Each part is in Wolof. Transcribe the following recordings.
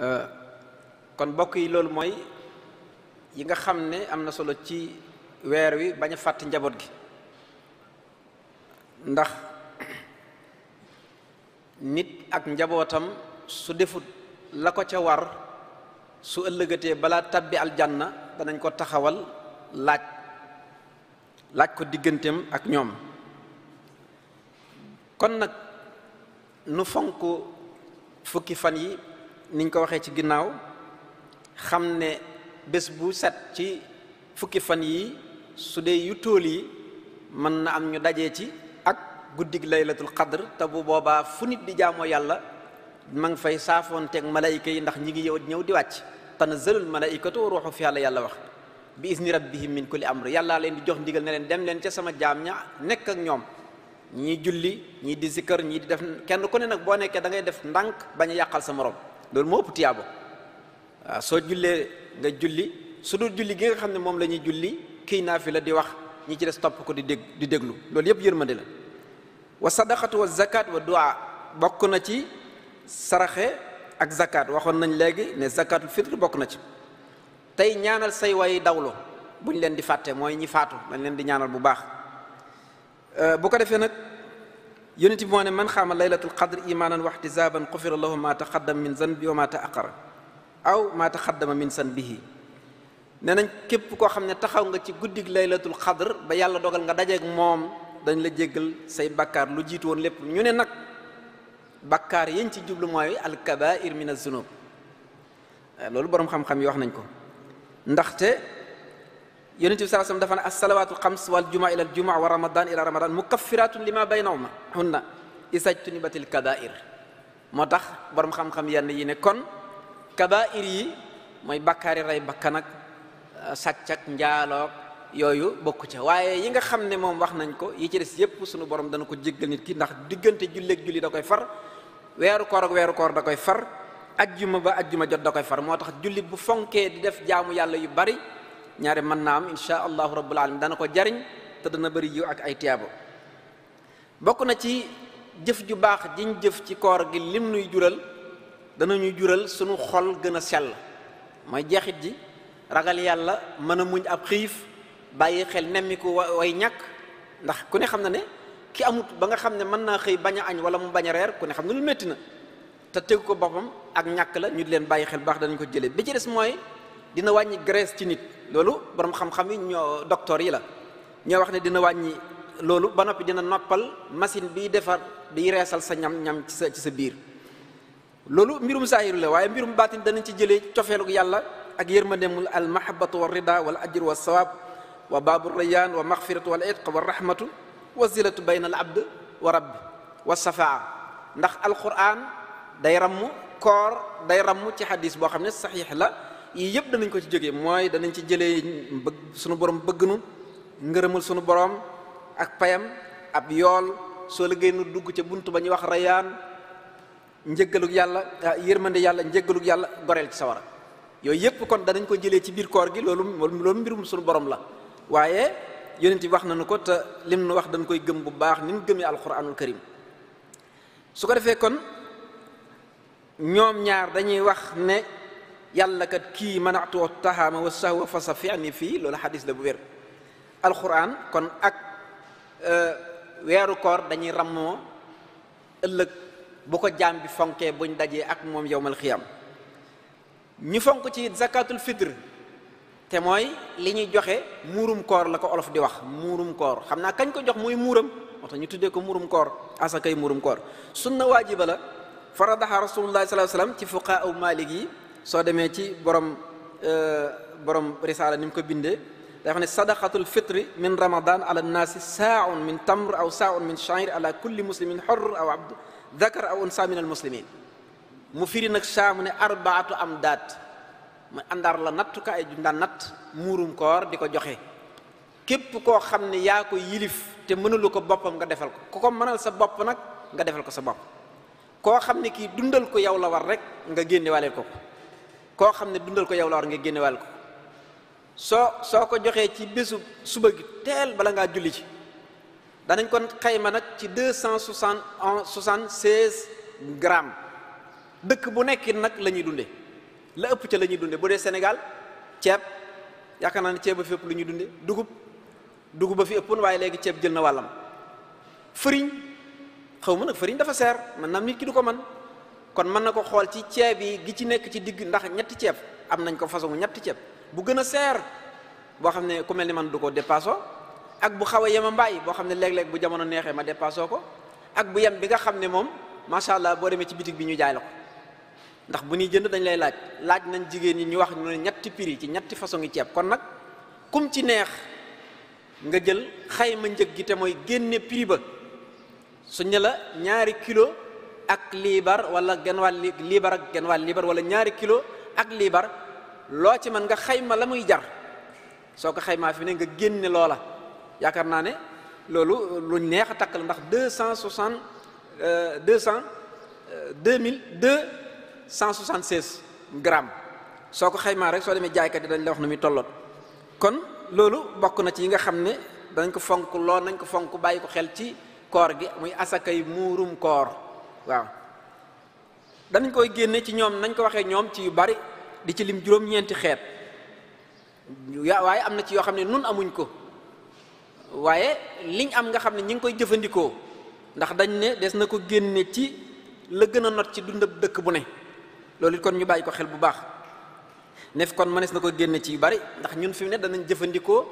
Euh, kon bokk yi loolu mooy yi nga xam ne am na solo ci weer wi bañ a fàtt njaboot gi ndax nit ak njabootam su defut la ko ca war su ëllëgatee balaa tabbi na danañ ko taxawal laaj laaj ko digganteem ak ñoom kon nag nu fonk fukki fan yi niñ ko waxee ci ginnaaw xam ne bés bu set ci fukki fan yii su dee yu tóol yi mën na am ñu dajee ci ak guddig laylatul qadr te bu boobaa fu nit di jaamoo yàlla ma ngi fay saafoonteeg malayka yi ndax ñi ngi yow ñëw di wàcc na tanazzalul malaykatu wa ruuxu fi yàlla yàlla wax bi isni rabbihim min kulli amr yàllaa leen di jox ndigal ne leen dem leen ca sama jaam ña nekk ak ñoom ñii julli ñii di zikkër ñii di def kenn ku ne nag boo nekkee da ngay def ndànk bañ a yàqal sa morom loolu moo ëpp tiyaabo waaw soo jullee nga julli su dul julli gi nga xam ne moom lañuy julli kii naa fi la di wax ñi ci des topp ko di dégg di déglu loolu yëpp yërmande la wa sadaqatu wa zakat wa du'a bokk na ci saraxe ak zakat waxoon nañ léegi ne zakatul fitr bokk na ci tey ñaanal say way dawlo buñ leen di fàttee mooy ñi faatu dañ leen di ñaanal bu baax euh, bu ko defee nag yonent bi moo ne man xaama laylatul qadr imaanan wa ihtisaaban xufira lahu maa taqaddama min zanbi wa maa taaqara aw maa taqaddama min zanbihi nee nañ képp koo xam ne taxaw nga ci guddi guddig laylatul qadr ba yàlla dogal nga dajeeg moom dañ la jéggal say bakkaar lu jiitu woon lépp ñu ne nag bakkaar yéen ci jublu mooy alkabair min azunub loolu boroom xam-xam yi wax nañ ko ndaxte yonent bi saa sallam dafa ne assalawaatul xams wal juma ila al juma wa ramadan ila ramadan mukaffiratun lima baynahuma hunna isajtunibatil kabair moo tax borom xam-xam yi ne kon kabair yi mooy bakkaari rey bakkan ak euh, sàccak njaaloog yooyu bokku ca waaye yi nga xam ne moom wax nañ ko yi ci des yépp suñu borom dana ko jéggal nit ki ndax diggante julleeg julli da koy far weeru koor ak weeru koor da koy far ajjuma ba ajjuma jot da koy far moo tax jullit bu fonkee di def jaamu yàlla yu bari ñaare man naa am insha allahu rabbul alamin dana ko jariñ te dana bari yiw ak ay tiyaabo bokk na ci jëf ju baax jiñ jëf ci koor gi lim nuy jural danañuy jural sunu xol gën a sell mooy jeexit ji ragal yàlla mën a muñ ab xiif bàyyi xel nemmiku way ñàkk ndax ku ne xam na ne ki amut ba nga xam ne mën naa xëy bañ a añ wala mu bañ a reer ku ne xam nu lu métti na te tegu ko boppam ak ñàkk la ñu leen bàyyi xel baax danañ ko jëlee bi ci des mooy dina wàññi graisse ci nit loolu boroom xam-xam yi ñoo docteur yi la ñoo wax ne dina wàññi loolu ba noppi dina noppal machine biy defar di reesal sa ñam ñam ci sa ci sa biir loolu mbirum zaahiru la waaye mbirum baatin danañ ci jëlee cofeelu yàlla ak yërmandemul al mahabbatu wa rida wal ajr wa sawaab wa baabu rayaan wa maxfiratu wal itq wa rahmatu wa zilatu bayna al abd wa rabbi wa safaa ndax alquran day ramm koor day ramm ci xadis boo xam ne saxiix la ii yëpp danañ ko ci jóge mooy danañ ci jëlee bëgg sunu borom bëgg nu ngërëmal sunu boroom ak payam ab yool soo liggéey nu dugg ca bunt ba ñuy wax rayaan njëggalug yàlla ah, yërmande yàlla njëggalug yàlla goreel ci sawara yooyu yëpp kon danañ ko jëlee ci biir koor gi loolu loolu mbirum sunu borom la waaye yonent bi wax nañu ko te lim nu wax dañ koy gëm bu baax ni mu gëmee alquranul karim su ko defee kon ñoom ñaar dañuy wax ne yàlla kat kii manaatu tahaama wa sahwa fa sa fi'ni fii loolu xadis la bu wér alquran kon ak e, weeru koor dañuy rammoo ëllëg bu ko jaam bi fonkee buñ dajee ak moom yowmal xiyam ñu fonk ci zakatul fitre te mooy li ñuy joxe muurum koor la ko olof di wax muurum koor xam naa kañ ko jox muy muuram moo tax ñu tuddee ko muurum koor asakay muurum koor sunna waajiba la faradaha rasulullah sallallahu ci fuqaa aw maalik yi soo demee ci borom euh, borom risaala ni mu ko bindee dafa ne sadaqatul fitri min ramadan ala nnaasi saaun min tamr aw saaun min sha'ir ala kulli muslimin xorr aw abd dakar aw unsa min al muslimin mu firi nag saa mu ne arbaatu am daat mu àndaar la nattuka ay jundaan natt muurum koor di ko joxe képp koo xam ne yaa ko yilif te mënalu ko boppam nga defal ko ku ko mënal sa bopp nag nga defal ko sa bopp koo xam ne kii dundal ko yow la war rek nga génne ko ko koo xam ne dundal ko yow la war nga génnewal ko soo soo ko joxee ci bésu suba gi teel bala ngaa julli ci danañ kon xayma nag ci deux cent un soixante seize grammes dëkk bu nekkin nag lañuy dunde la ëpp ca la dunde bu dee Sénégal ceeb yaakaar naa ne ceeb ba fi ëpp lu ñuy dunde dugub dugub ba fi ëppoon waaye léegi ceeb jël na wàllam fëriñ xaw ma nag fëriñ dafa seer man naam nit ki du ko man kon mën na ko xool ci ceeb yi gi ci nekk ci digg ndax ñetti ceeb am nañ ko façon ñetti ceeb bu gën a seer boo xam ne ku mel ni man du ko dépassé ak bu xaw a yem a mbaay boo xam ne léeg-léeg bu jamono neexee ma dépassé ko ak bu yem bi nga xam ne moom macha allah boo demee ci bitig bi ñu jaay la ko ndax bu ñuy jënd dañ lay laaj laaj nañ jigéen ñi ñu wax ñu ne ñetti prix ci ñetti façon yi ceeb kon nag kum ci neex nga jël xayma njëg gi te mooy génne prix ba suñ ne ñaari kilo ak liibar wala genn wàll liibar ak genn wàll liibar wala ñaari kilo ak liibar loo ci man nga xayma la muy jar soo ko xaymaa fi ne nga génne loola yaakaar naa ne loolu lu neex a takk la ndax deux cent soixante euh, deux cent euh, deux mille deux cent soixante seize grammes soo ko xaymaa rek soo demee jaaykat yi dañ la wax na muy tolloot kon loolu bokk na ci yi nga xam ne danañ ko fonk lool nañ ko fonk bàyyi ko xel ci koor gi muy asakay muurum koor waaw danañ koy génne ci ñoom nañ ko waxee ñoom ci yu bari di ci lim juróom-ñeenti xeet ya waaye am na ci yoo xam ne nun amuñ ko waaye liñ am nga xam ne ñi ngi koy jëfandikoo ndax dañ ne des na ko génne ci la gën a not ci dundab dëkk bu ne loolu it kon ñu bàyyi ko xel bu baax nef kon mënees na ko génne ci yu bari ndax ñun fi ne danañ jëfandikoo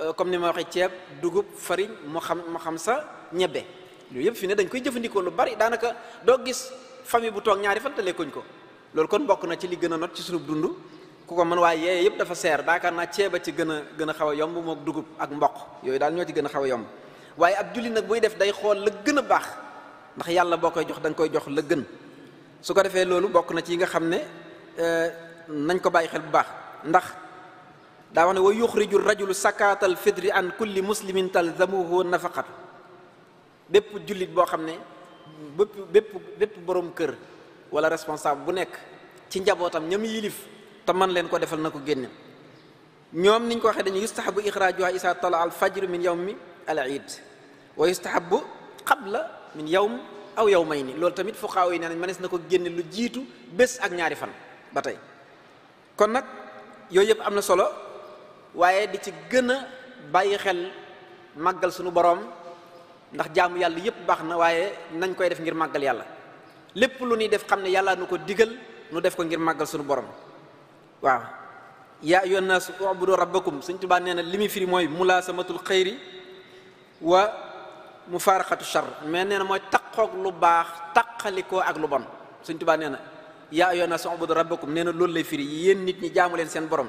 euh, comme ni ma waxee ceeb dugub fariñ mu xam mu xam sa ñebe yooyu yëpp fi ne dañ koy jëfandikoo lu bari daanaka doo gis famille bu toog ñaari fan te ko loolu kon bokk na ci li gën a not ci sunub dund ku ko mën waaye yee yëpp dafa seer daakaar naa ceeba ci gën a a xaw a yomb mook dugub ak mboq yooyu daal ñoo ci gën a xaw a yomb waaye ab julli nag buy def day xool la gën a baax ndax yàlla boo koy jox da koy jox la gën su ko defee loolu bokk na ci yi nga xam ne euh, nañ ko bàyyi xel bu baax ndax daa wax ne wa yuxriju rajulu sakaatal fitri an kulli muslimin talzamuhu nafaqatu bépp jullit boo xam ne bépp bépp bépp borom kër wala responsable bu nekk ci njabootam ñam yilif te man leen ko defal na ko génne ñoom niñ ko waxee dañu yustahabu ixraajuha isa tala al fajru min yawmi al iid wa yustahabu qabla min yawm aw yow may yawmayni loolu tamit fuqaaw yi ne nañ mënees na ko génne lu jiitu bés ak ñaari fan ba tey kon nag yooyu yëpp am na solo waaye di ci gën a bàyyi xel màggal sunu boroom ndax jaamu yàlla yëpp baax na waaye nañ koy def ngir màggal yàlla lépp lu ñuy def xam ne yàlla nu ko digal nu def ko ngir màggal suñu borom waaw yaa ayyuhan naas ubudu rabbakum Sëñ Tuubaa nee na li muy firi mooy mulaasamatul xayri wa mufaaraqatu shar mais nee na mooy taqoog lu baax taqalikoo ak lu bon Sëñ Tuubaa nee na yaa ayyuhan naas ubudu rabbakum nee na loolu lay firi yéen nit ñi jaamu leen seen borom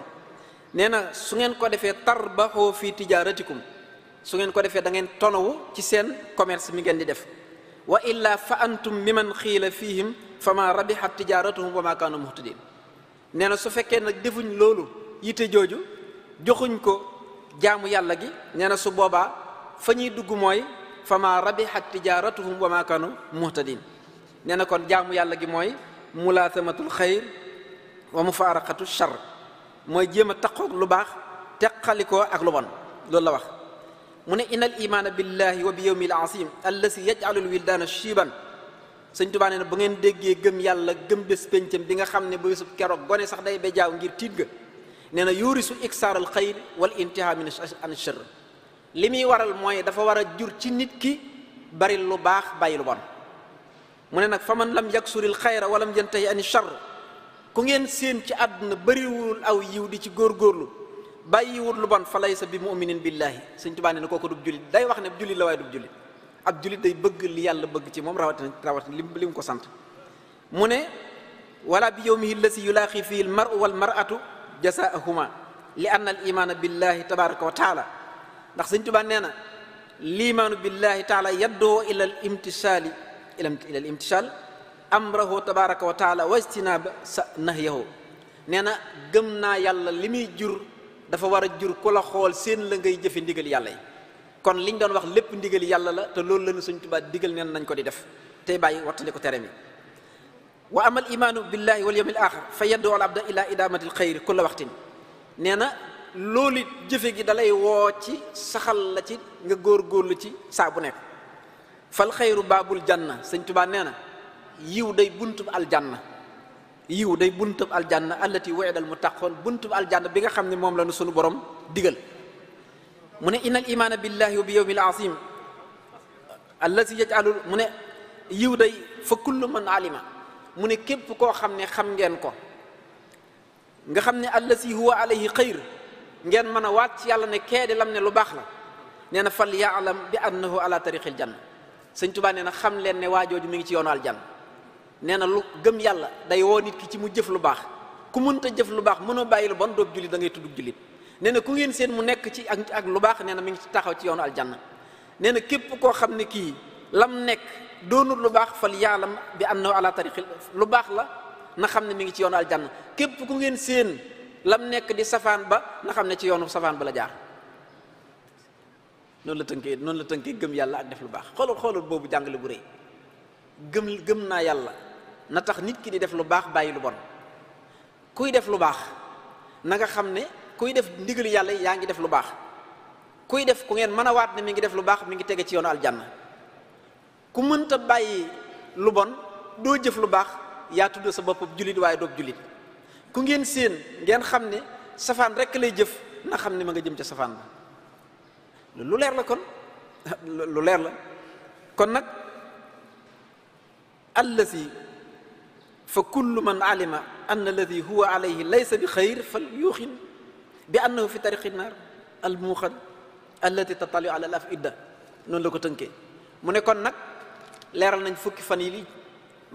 nee na su ngeen ko defee tar ba fii tijaaratikum su ngeen ko defee da ngeen tonowu ci seen commerce mi ngeen di def wa illa fa antum mimman xiila fihim fa ma rabihat tijaaratuhum wa ma kaanu muhtadin nee na su fekkee nag defuñ loolu yite jooju joxuñ ko jaamu yàlla gi nee su boobaa fa ñuy dugg mooy fa ma rabihat tijaaratuhum wa ma kaanu muhtadin nee na kon jaamu yàlla gi mooy mulaasamatul xayr wa mufaaraqatu shar mooy jéem a taqoog lu baax teqalikoo ak lu bon loolu la wax mu ne inal imaana billahi wa bi yawmil azim allazi yajalul wildaana shiiban sëñ tubaa nee na ba ngeen déggee gëm yàlla gëm bés péncam bi nga xam ne ba bésub keroog gone sax day bejaaw ngir tiit ga nee na yurisu iksaar al xayr wal intihaa min an li muy waral mooy dafa war a jur ci nit ki bari lu baax bàyyi lu bon mu ne nag fa man lam yaksuril xayra walam yantahi ani sharr ku ngeen séen ci àdduna bariwul aw yiw di ci góor góorlu bàyyi bàyyiwut lu bon fa sa bi muminin billaahi sëñ Tuubaa ne na kooku dub jullit day wax ne jullit la waaye dub jullit ab jullit day bëgg li yàlla bëgg ci moom rawatina rawatina li li mu ko sant mu ne wala bi yowmihi llasi yulaaqi fihi l maru wal maratu jasaahuma li anna al imaana billaahi tabaraka wa taala ndax sëñ Tuubaa nee na liimaanu billaahi taala yaddoo ila al imtisaali ila al imtisaal amrahu tabaraka wa taala wa ijtinaaba sa nahyahu nee na gëm naa yàlla li muy jur dafa war a jur ku la xool seen la ngay jëfe ndigal yàlla yi kon liñ doon wax lépp ndigal yàlla la te loolu lañu suñ Tuubaa digal neen nañ ko di def tey bàyyi wattandi ko tere mi wa amal imaanu billahi wal yawmil axir fa yaddu al abda ila idaamati l xayri kulla waxtin nee na loolu jëfe gi dalay woo ci saxal la ci nga góor góorgóorlu ci saa bu nekk fal xayru baabul janna sëñ Tuubaa nee na yiw day buntub aljanna yiw dey bunt day buntub aljanna allati wa'ida almuttaqoon buntub aljanna bi nga xam ne moom la nu sunu borom digal mu ne inna al imaana billahi wa bi yawmil azim allati yaj'alu mu ne yiw day fa kullu man alima mu ne képp koo xam ne xam ngeen ko nga xam ne allati huwa alayhi xayr ngeen mën a waat ci yàlla ne kee lam ne lu baax la nee na fal yaalam bi annahu ala tariqil janna sëñ Tuubaa nee na xam leen ne waajooju mu ngi ci yoonu aljanna nee na lu gëm yàlla day woo nit ki ci mu jëf lu baax ku mënta jëf lu baax mënoo bàyyi lu bon doob jullit da ngay tudd jullit nee na ku ngeen seen mu nekk ci ak ak lu baax nee na mi ngi ci taxaw ci yoonu aljanna nee na képp koo xam ne kii lam nekk doonul lu baax fal yaalam bi annahu ala tariqi lu baax la na xam ne mi ngi ci yoonu aljanna képp ku ngeen seen lam nekk di safaan ba na xam ne ci yoonu safaan ba la jaar noonu la tënkee noonu la tënkee gëm yàlla ak def lu baax xoolal xoolal boobu jàngale bu rëy gëm gëm naa yàlla na tax nit ki di def lu baax bàyyi lu bon kuy def lu baax nanga xam ne kuy def ndigalu yàlla yaa ngi def lu baax kuy def ku ngeen mën a waat ne mi ngi def lu baax mi ngi tege ci yoonu aljanna ku mënta bàyyi lu bon doo jëf lu baax yaa tudd sa bopp jullit waaye doob jullit ku ngeen séen ngeen xam ne safaan rekk lay jëf na xam ne ma nga jëm ca safaan lu leer la kon lu leer la kon nag allazi fa kullu man alima anna alladi huwa alayhi laysa bi xayr fal yuuxin bi annahu fi tariqi naar al muuxan allati tatali ala al afida noonu la ko tënkee mu ne kon nag leeral nañ fukki fan yi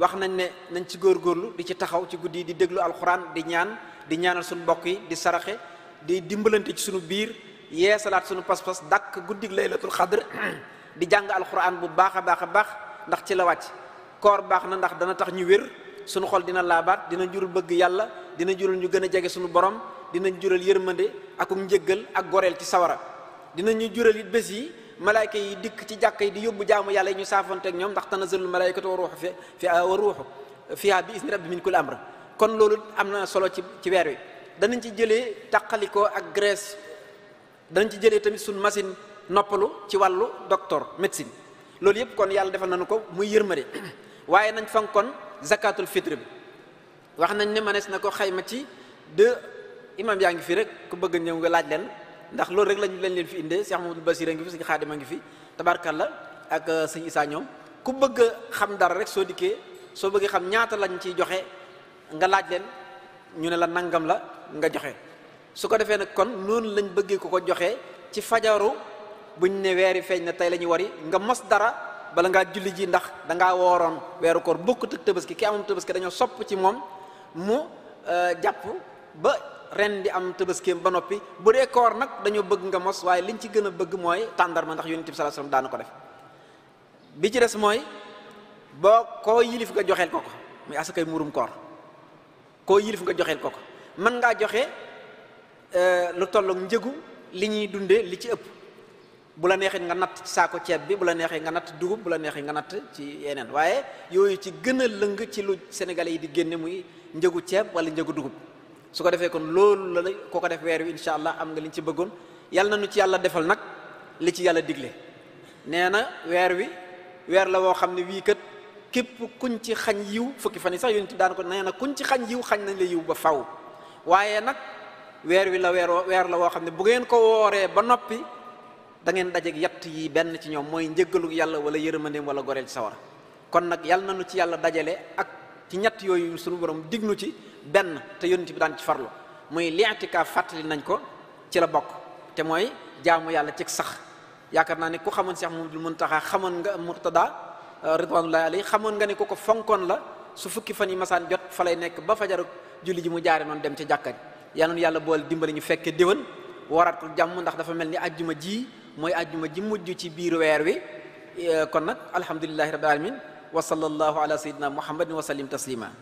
wax nañ ne nañ ci góor góorlu di ci taxaw ci guddi yi di déglu alxuraan di ñaan di ñaanal suñu mbokk yi di saraxe di dimbalante ci suñu biir yeesalaat suñu pas-pas dàkk guddig laylatul xadr di jàng alxuraan bu baax a baax a baax ndax ci la wàcc koor baax na ndax dana tax ñu wér suñu xol dina laabaat dina jural bëgg yàlla dina jural ñu gën a jege suñu borom dina jural yërmande akum njëggal ak goreel ci sawara dina ñu jural it bés yi malaayka yi dikk ci jàkk yi di yóbbu jaamu yàlla yi ñu saafante ak ñoom ndax tanazzalul malaayikatu wa ruuhu fi fi ah, wa ruuhu fiha bi isni rabbi min kulli amr kon loolu am na solo ci ci weer wi danañ ci jëlee taqalikoo ak graisse danañ ci jëlee tamit suñ machine noppalu ci wàllu docteur médecine loolu yëpp kon yàlla defal nañu ko muy yërmande zakatul fitre bi wax nañ ne manees na ko xayma ci deux imam yaa ngi fii rek ku bëgg ñëw nga laaj leen ndax loolu rek lañu leen leen fi indee Cheikh Mamadou Basir a ngi fi sëñ Xaadima ngi fi tabarkalla ak euh, sëñ Isaa ñoom ku bëgg xam dara rek soo dikkee soo bëggee xam ñaata lañ ciy joxe nga laaj leen ñu ne la nangam la nga joxe su ko defee nag kon noonu lañ bëggee ko ko joxe ci fajaru buñ ne weeri feeñ na tey la ñuy wari nga mos dara bala ngaa julli ji ndax da ngaa wooroon weeru koor bokkut ak tabaski ki amam tabaski dañoo sopp ci moom mu euh, jàpp ba ren di am tabaskeem ba noppi bu dee koor nag dañoo bëgg nga mos waaye liñ ci gën a bëgg mooy tàndarma ndax yonent bi sallallahu alayhi wasallam daana ko def bi ci des mooy boo koo yilif nga joxeel ko ko muy asakay murum koor koo yilif nga joxeel ko ko mën ngaa joxe euh, lu tollook njëgu li ñuy dundee li ci ëpp bu la neexee nga natt ci saako ceeb bi bu la neexee nga natt dugub bu la neexee nga natt ci yeneen waaye yooyu ci gën a lëng ci lu Sénégalais yi di génne muy njëgu ceeb wala njëgu dugub su ko defee kon loolu la ko ko def weer wi incha allah am nga liñ ci bëggoon yàlla na nu ci yàlla defal nag li ci yàlla digle nee na weer wi weer la woo xam ne wii kat képp kuñ ci xañ yiw fukki fan yi sax yonent daan ko nee na kuñ ci xañ yiw xañ nañ la yiw ba faw waaye nag weer wi la weer weer la woo xam ne bu ngeen ko wooree ba noppi da ngeen dajeeg yatt yi benn ci ñoom mooy njëggalu yàlla wala yërëmandeem wala goreel ci sawara kon nag yàlla na nu ci yàlla dajale ak ci ñett yooyu suñu borom dignu ci benn te yonent bi daan ci farlu muy li'tikaaf fàttali nañ ko ci la bokk te mooy jaamu yàlla ci sax yaakaar naa ne ku xamoon Seex Muhammadul Muntaxa xamoon nga Murtada euh, ridwanullahi alayhi xamoon nga ne ku ko fonkoon la su fukki fan yi masaan jot fa lay nekk ba fajaru julli ji mu jaare noonu dem ci jàkkañ yal yàlla boole dimbali ñu fekkee déwén waraat jàmm ndax dafa mel ni ajjuma ji mooy ajjuma ji mujj ci biir weer wi eh, kon nag alhamdulilahi rabbil alamin wa sallallahu ala sayyidina muhammadin wa sallim taslima